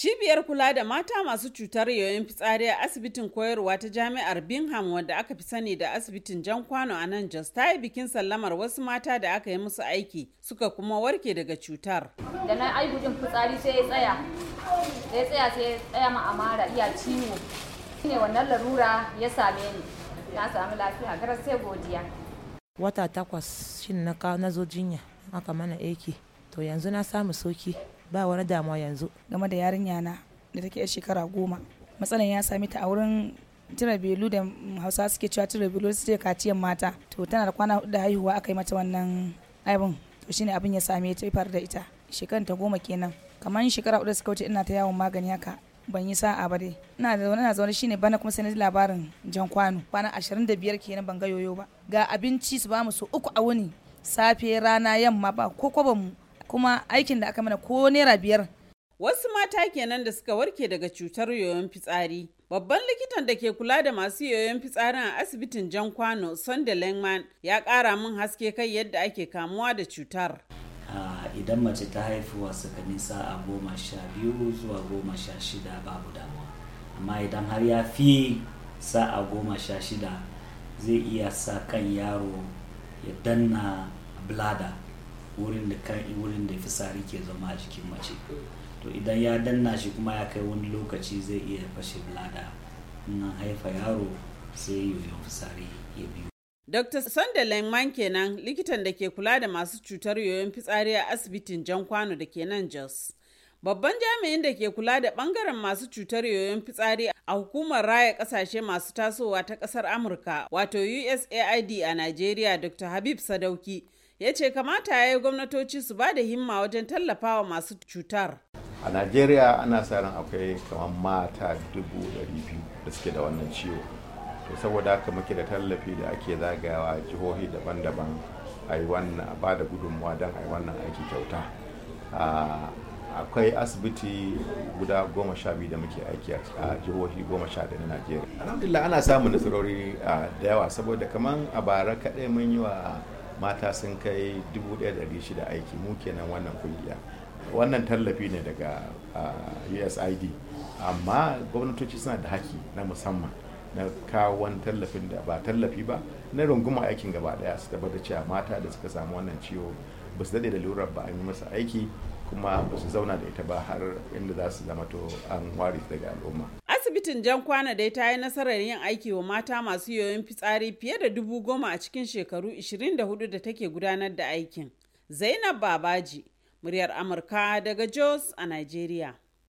Cibiyar kula da mata masu cutar yoyon fitsari a asibitin koyarwa ta jami'ar Bingham wadda aka fi sani da asibitin Jan Kwano a nan Jos ta yi bikin sallamar wasu mata da aka yi musu aiki suka kuma warke daga cutar. Da na aibujin fitsari sai ya tsaya, sai tsaya sai ya tsaya ma amara iya ciwo. ne wannan larura ya same ni, na sami lafiya gara sai godiya. Wata takwas shin na zo jinya aka mana aiki, to yanzu na samu soki. ba wani damuwa yanzu game da yarinya na da take yar shekara goma matsalan ya sami ta a wurin tira belu da hausa suke cewa tira belu su ce kaciyan mata to tana da kwana hudu da haihuwa aka yi mata wannan abin to shine abin ya same ta faru da ita shekaran ta goma kenan kamar shekara hudu suka wuce ina ta yawon magani haka ban yi sa'a ba dai ina da zaune na zaune shine bana kuma sai na ji labarin jan kwano kwana biyar kenan ban ga yoyo ba ga abinci su ba mu su uku a wuni safe rana yamma ba ko ko mu kuma aikin da aka mana ko naira biyar wasu mata kenan da suka warke daga cutar yoyon fitsari babban likitan da ke kula da masu yoyon fitsarin a asibitin jan kwano Sunday lengman ya kara min haske kai yadda ake kamuwa da cutar ah, idan mace ta haifuwa tsakanin sa'a goma sha biyu zuwa goma sha shida babu damuwa amma idan har ya fi sa'a goma sha shida zai iya sa kan yaro ya danna blada wurin da kan wurin da fisari ke zama a jikin mace to idan ya danna shi kuma ya kai wani lokaci zai iya fashe blada nan haifa yaro sai yoyon fisari ya biyo Dr. Sunderland Man kenan likitan da ke kula da masu cutar yoyon fitsari a asibitin Jan Kwano da ke nan Jos. Babban jami'in da ke kula da bangaren masu cutar yoyon fitsari a hukumar raya kasashe masu tasowa ta kasar Amurka wato USAID a Najeriya Dr. Habib Sadauki ya ce kamata ya yi gwamnatoci su ba da himma wajen tallafawa masu cutar a najeriya ana sa ran akwai kamar mata dubu biyu da suke da wannan ciwo to saboda haka muke da tallafi da ake zagawa jihohi daban-daban a yi wannan ba da gudunmuwa don a yi wannan aiki kyauta akwai asibiti guda goma sha biyu da muke aiki a jihohi goma sha da na najeriya alhamdulillah ana samun nasarori da yawa saboda kamar a bara kaɗai mun yi wa mata sun kai 1,600 aiki mu kenan wannan kungiya wannan tallafi ne daga usid amma gwamnatoci suna da haki na musamman na kawon tallafin da ba tallafi ba na runguma aikin gaba daya su tabbatar cewa mata da suka samu wannan ciwo ba su daɗe da lura ba an yi masa aiki kuma ba su zauna da ita ba har inda za su zama to an ware daga al'umma asibitin jan kwana dai ta yi nasarar yin aiki wa mata masu yoyon fitsari fiye da dubu goma a cikin shekaru 24 da take gudanar da aikin zainab babaji muryar amurka daga jos a nigeria